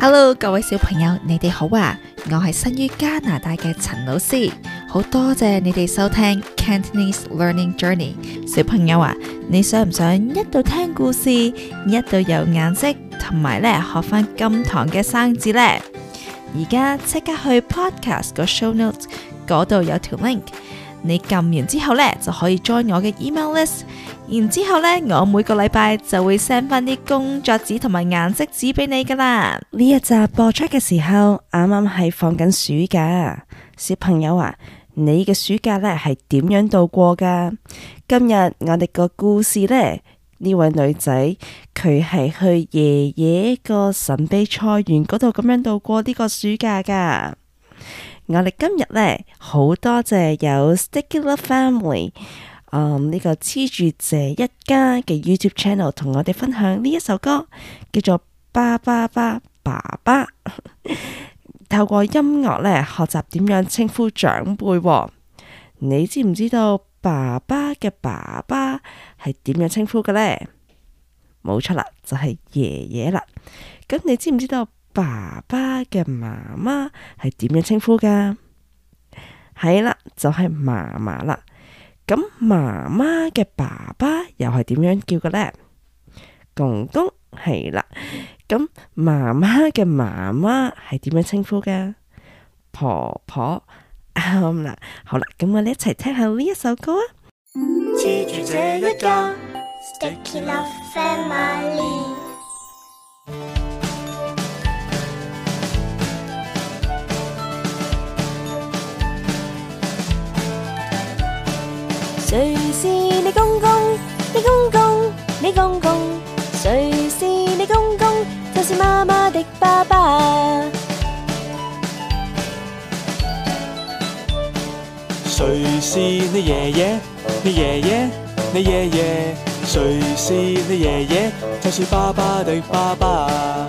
Hello，各位小朋友，你哋好啊！我係生於加拿大嘅陳老師，好多謝你哋收聽 Cantonese Learning Journey。小朋友啊，你想唔想一度聽故事，一度有顏色，同埋呢學翻今堂嘅生字呢？而家即刻去 Podcast 個 Show Notes 嗰度有條 link，你撳完之後呢就可以 join 我嘅 email list。然之後呢，我每個禮拜就會 send 翻啲工作紙同埋顏色紙俾你噶啦。呢一集播出嘅時候，啱啱係放緊暑假。小朋友啊，你嘅暑假呢係點樣度過噶？今日我哋個故事呢，呢位女仔佢係去爺爺個神秘菜園嗰度咁樣度過呢個暑假噶。我哋今日呢，好多謝有 Sticky Family。呢、um, 個黐住謝一家嘅 YouTube Channel 同我哋分享呢一首歌，叫做《爸爸爸爸爸》。 透過音樂呢，學習點樣稱呼長輩，哦。你知唔知道爸爸嘅爸爸係點樣稱呼嘅呢？冇錯啦，就係、是、爺爺啦。咁你知唔知道爸爸嘅媽媽係點樣稱呼噶？係啦，就係、是、媽媽啦。咁媽媽嘅爸爸又係點樣叫嘅呢？公公係啦。咁媽媽嘅媽媽係點樣稱呼嘅？婆婆啱啦。好啦，咁我哋一齊聽下呢一首歌啊。誰是你公公？你公公，你公公。誰是你公公？就是媽媽的爸爸。誰是你爺爺？你爺爺，你爺爺。誰是你爺爺？就是爸爸的爸爸。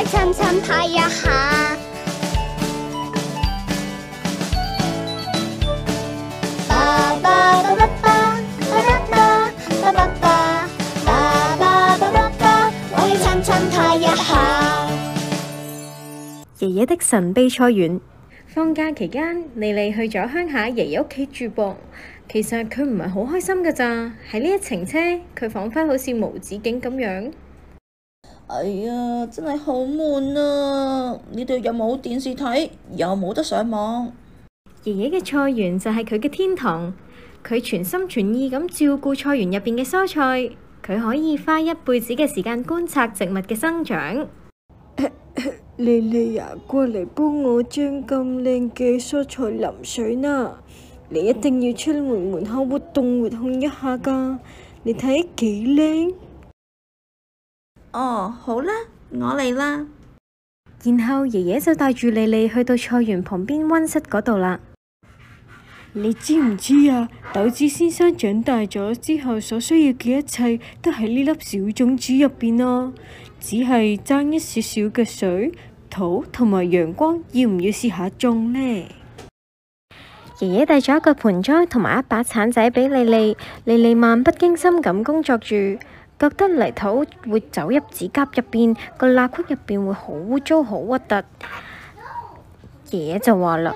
我要親親他一下。爸爸爸爸爸爸爸爸爸爸爸爸爸爸爸，爸爸爸爸爸我要親親他一下。爺爺的神秘菜園。放假期間，麗麗去咗鄉下爺爺屋企住噃。其實佢唔係好開心噶咋。喺呢一程車，佢仿佛好似無止境咁樣。係、哎、啊，真係好悶啊！呢度有冇電視睇？有冇得上網？爺爺嘅菜園就係佢嘅天堂，佢全心全意咁照顧菜園入邊嘅蔬菜，佢可以花一輩子嘅時間觀察植物嘅生長。莉莉呀，過嚟幫我將咁靚嘅蔬菜淋水啦！你一定要出門門口活動活動一下噶，你睇幾靚！哦，好啦，我嚟啦。然後爺爺就帶住莉莉去到菜園旁邊温室嗰度啦。你知唔知啊？豆子先生長大咗之後，所需要嘅一切都喺呢粒小種子入邊咯。只係爭一少少嘅水、土同埋陽光，要唔要試下種呢？爺爺帶咗一個盆栽同埋一把鏟仔俾莉莉。莉莉漫不經心咁工作住。覺得泥土會走入指甲入邊，個罅隙入邊會好污糟、好核突。爺爺就話啦：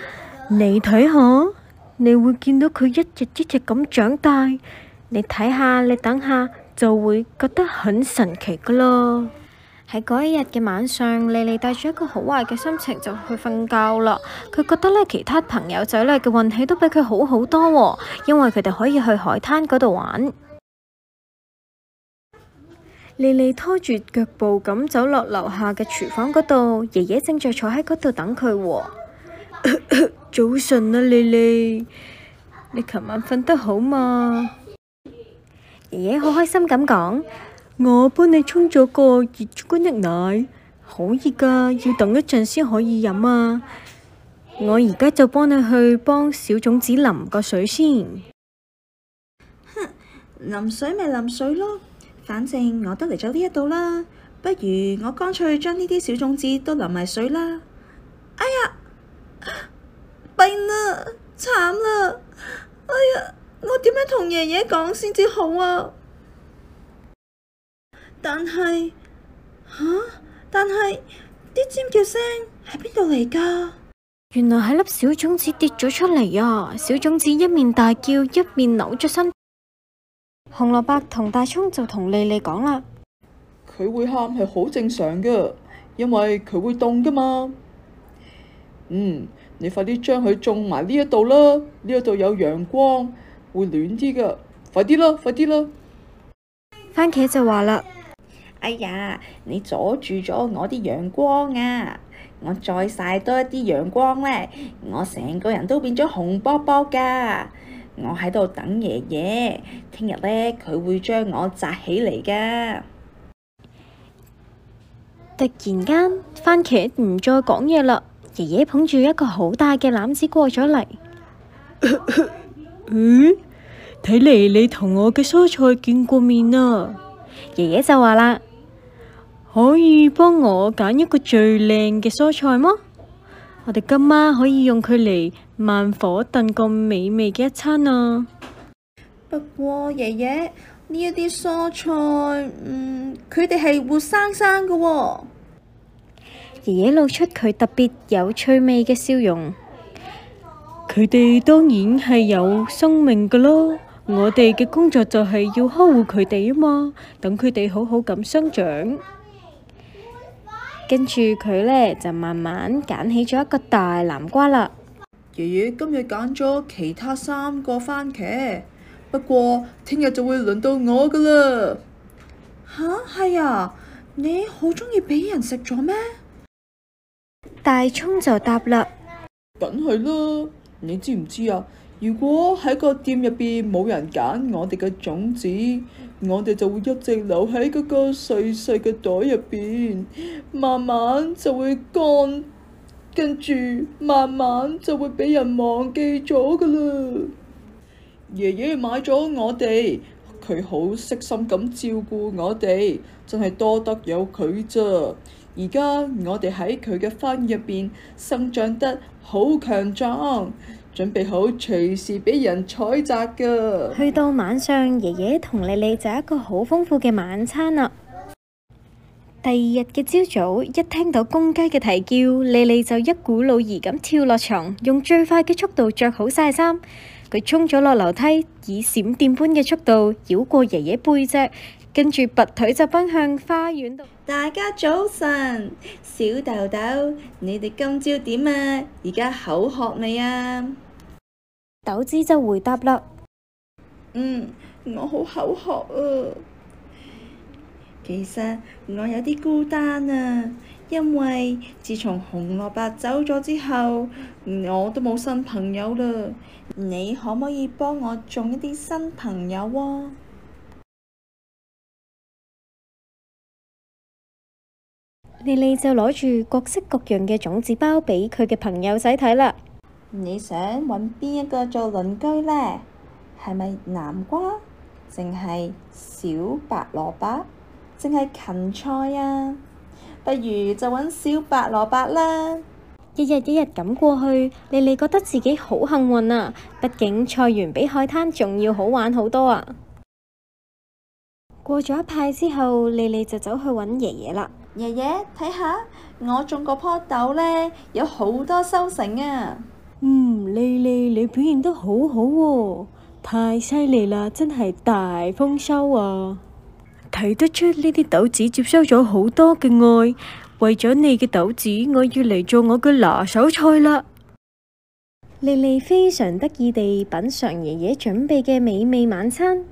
「你睇下，你會見到佢一日一日咁長大。你睇下，你等下就會覺得很神奇噶咯。」喺嗰一日嘅晚上，莉莉帶住一個好壞嘅心情就去瞓覺啦。佢覺得咧，其他朋友仔女嘅運氣都比佢好好多，哦，因為佢哋可以去海灘嗰度玩。莉莉拖住腳步咁走落樓下嘅廚房嗰度，爺爺正在坐喺嗰度等佢喎咳咳。早晨啊，莉莉，你琴晚瞓得好嗎？爺爺好開心咁講， 我幫你沖咗個熱朱古力奶，好熱噶，要等一陣先可以飲啊。我而家就幫你去幫小種子淋個水先。哼， 淋水咪淋水咯。反正我都嚟咗呢一度啦，不如我乾脆將呢啲小種子都淋埋水啦。哎呀，啊、病啦，慘啦！哎呀，我點樣同爺爺講先至好啊？但係，吓、啊，但係啲尖叫聲喺邊度嚟噶？原來係粒小種子跌咗出嚟啊！小種子一面大叫，一面扭咗身。紅蘿蔔同大蔥就同莉莉講啦，佢會喊係好正常嘅，因為佢會凍噶嘛。嗯，你快啲將佢種埋呢一度啦，呢一度有陽光會暖啲噶，快啲啦，快啲啦。番茄就話啦，哎呀，你阻住咗我啲陽光啊！我再曬多一啲陽光咧，我成個人都變咗紅卜卜噶。我喺度等爺爺，聽日咧佢會將我摘起嚟噶。突然間，番茄唔再講嘢啦。爺爺捧住一個好大嘅籃子過咗嚟。咦、 嗯？睇嚟你同我嘅蔬菜見過面啦。爺爺就話啦，可以幫我揀一個最靚嘅蔬菜嗎？我哋今晚可以用佢嚟慢火燉個美味嘅一餐啊！不過爺爺，呢一啲蔬菜，嗯，佢哋係活生生噶喎。爺爺露出佢特別有趣味嘅笑容。佢哋當然係有生命噶咯，我哋嘅工作就係要呵護佢哋啊嘛，等佢哋好好咁生長。跟住佢咧，就慢慢揀起咗一個大南瓜啦。爺爺今日揀咗其他三個番茄，不過聽日就會輪到我㗎啦。吓，係啊，你好中意俾人食咗咩？大蔥就答啦，梗係啦，你知唔知啊？如果喺個店入邊冇人揀我哋嘅種子，我哋就會一直留喺嗰個細細嘅袋入邊，慢慢就會乾，跟住慢慢就會俾人忘記咗㗎喇。爺爺買咗我哋，佢好悉心咁照顧我哋，真係多得有佢咋。而家我哋喺佢嘅花入邊生長得好強壯。準備好隨時俾人採摘㗎，去到晚上，爺爺同莉莉就一個好豐富嘅晚餐啦。第二日嘅朝早，一聽到公雞嘅啼叫，莉莉就一股腦兒咁跳落床，用最快嘅速度着好晒衫。佢衝咗落樓梯，以閃電般嘅速度繞過爺爺背脊，跟住拔腿就奔向花園度。大家早晨，小豆豆，你哋今朝點啊？而家口渴未啊？豆子就回答啦：嗯，我好口渴啊。其實我有啲孤單啊，因為自從紅蘿蔔走咗之後，我都冇新朋友啦。你可唔可以幫我種一啲新朋友喎？莉莉就攞住各式各樣嘅種子包畀佢嘅朋友仔睇啦。你想揾邊一個做鄰居呢？係咪南瓜，定係小白蘿蔔，定係芹菜啊？不如就揾小白蘿蔔啦。一日一日咁過去，麗麗覺得自己好幸運啊。畢竟菜園比海灘仲要好玩好多啊。過咗一排之後，麗麗就走去揾爺爺啦。爺爺，睇下我種個樖豆呢，有好多收成啊！麗麗，你表現得好好哦，太犀利啦！真係大豐收啊！睇得出呢啲豆子接收咗好多嘅愛，為咗你嘅豆子，我要嚟做我嘅拿手菜啦！麗麗非常得意地品嚐爺爺準備嘅美味晚餐，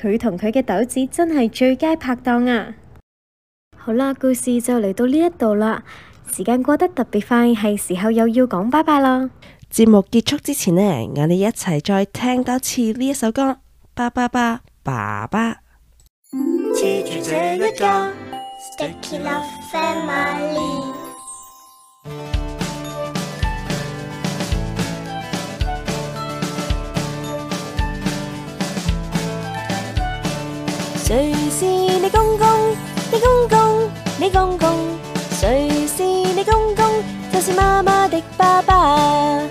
佢同佢嘅豆子真係最佳拍檔啊！好啦，故事就嚟到呢一度啦，時間過得特別快，係時候又要講拜拜啦！節目結束之前呢，我哋一齊再聽多次呢一首歌《爸爸爸爸》。誰是你公公？你公公，你公公？誰是你公公？就是媽媽的爸爸。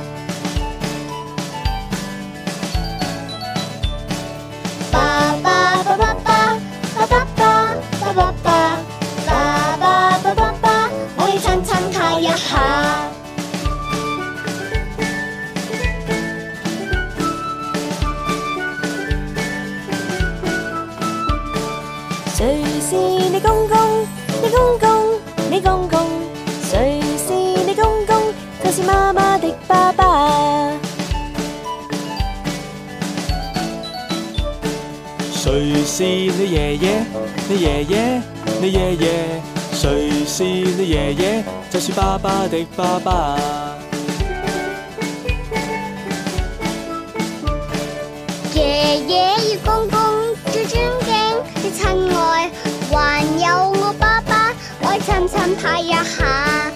你爺爺，你爺爺，你爺爺，誰是你爺爺？就算、是、爸爸的爸爸。爺爺要公公最尊敬，最親愛，還有我爸爸，愛親親他一下。